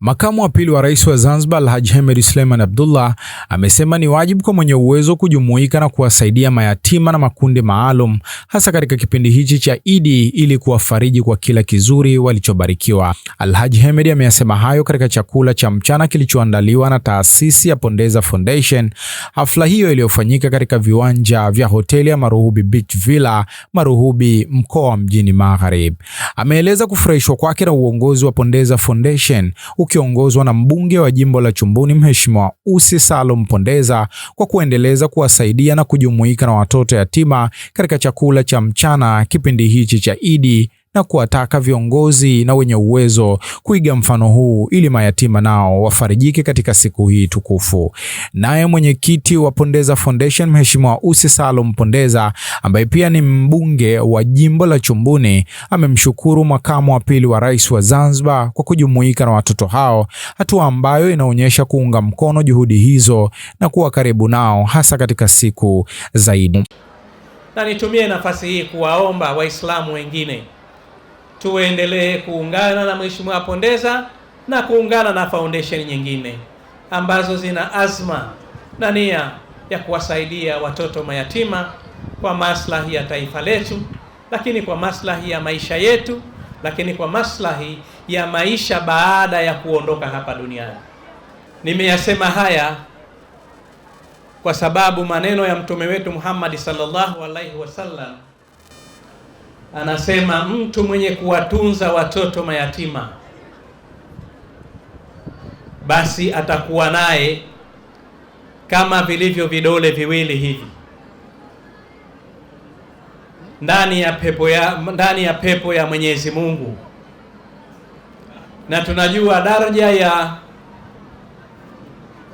Makamu wa pili wa rais wa Zanzibar Alhaji Hemed Suleiman Abdullah amesema ni wajibu kwa mwenye uwezo kujumuika na kuwasaidia mayatima na makundi maalum hasa katika kipindi hichi cha Idi ili kuwafariji kwa kila kizuri walichobarikiwa. Alhaji Hemed ameyasema hayo katika chakula cha mchana kilichoandaliwa na taasisi ya Pondeza Foundation. Hafla hiyo iliyofanyika katika viwanja vya hoteli ya Maruhubi Beach Villa, Maruhubi, mkoa wa Mjini Magharibi, ameeleza kufurahishwa kwake na uongozi wa Pondeza Foundation ukiongozwa na mbunge wa jimbo la Chumbuni Mheshimiwa Ussi Salum Mpondeza kwa kuendeleza kuwasaidia na kujumuika na watoto yatima katika chakula cha mchana kipindi hichi cha Idi na kuwataka viongozi na wenye uwezo kuiga mfano huu ili mayatima nao wafarijike katika siku hii tukufu. Naye mwenyekiti wa Pondeza Foundation Mheshimiwa usi Salum Pondeza ambaye pia ni mbunge wa jimbo la Chumbuni amemshukuru makamu wa pili wa rais wa Zanzibar kwa kujumuika na watoto hao, hatua ambayo inaonyesha kuunga mkono juhudi hizo na kuwa karibu nao hasa katika siku zaidi. Na nitumie nafasi hii kuwaomba Waislamu wengine tuendelee kuungana na Mheshimiwa Pondeza na kuungana na foundation nyingine ambazo zina azma na nia ya kuwasaidia watoto mayatima kwa maslahi ya taifa letu, lakini kwa maslahi ya maisha yetu, lakini kwa maslahi ya maisha baada ya kuondoka hapa duniani. Nimeyasema haya kwa sababu maneno ya mtume wetu Muhammad sallallahu alaihi wasallam anasema mtu mwenye kuwatunza watoto mayatima basi atakuwa naye kama vilivyo vidole viwili hivi ndani ya pepo ya ndani ya pepo ya Mwenyezi Mungu, na tunajua daraja ya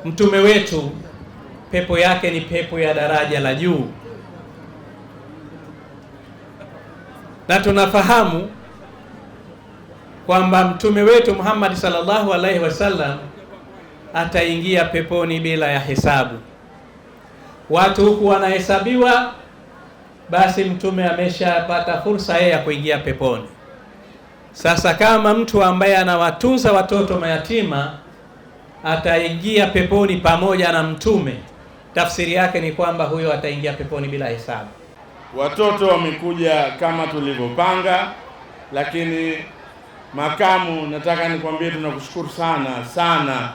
mtume wetu pepo yake ni pepo ya daraja la juu. na tunafahamu kwamba mtume wetu Muhammad sallallahu alaihi wasallam ataingia peponi bila ya hesabu. Watu huku wanahesabiwa, basi mtume ameshapata fursa yeye ya kuingia peponi. Sasa kama mtu ambaye anawatunza watoto mayatima ataingia peponi pamoja na mtume, tafsiri yake ni kwamba huyo ataingia peponi bila hesabu. Watoto wamekuja kama tulivyopanga, lakini makamu, nataka nikwambie tunakushukuru sana sana,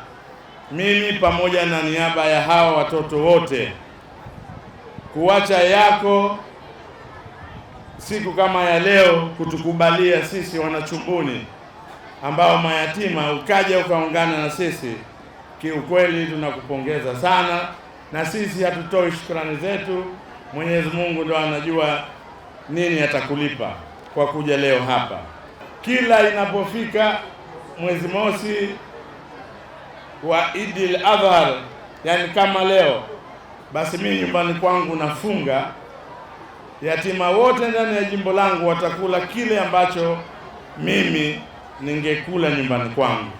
mimi pamoja na niaba ya hawa watoto wote. Kuacha yako siku kama ya leo kutukubalia sisi wanachumbuni ambao mayatima, ukaja ukaungana na sisi, kiukweli tunakupongeza sana, na sisi hatutoi shukrani zetu Mwenyezi Mungu ndo anajua nini atakulipa kwa kuja leo hapa. Kila inapofika mwezi mosi wa Idil Adhar, yani kama leo, basi mimi nyumbani kwangu nafunga. Yatima wote ndani ya jimbo langu watakula kile ambacho mimi ningekula nyumbani kwangu.